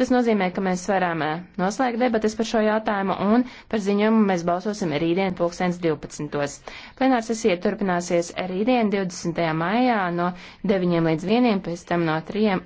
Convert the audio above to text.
Tas nozīmē, ka mēs varam eh, noslēgt debatas par šo jautājumu un par ziņojumu mēs balsosim rītdien pulkstens 12. Plenārs sesija turpināsies rītdien 20. maijā no 9 līdz 1, pēc tam no 3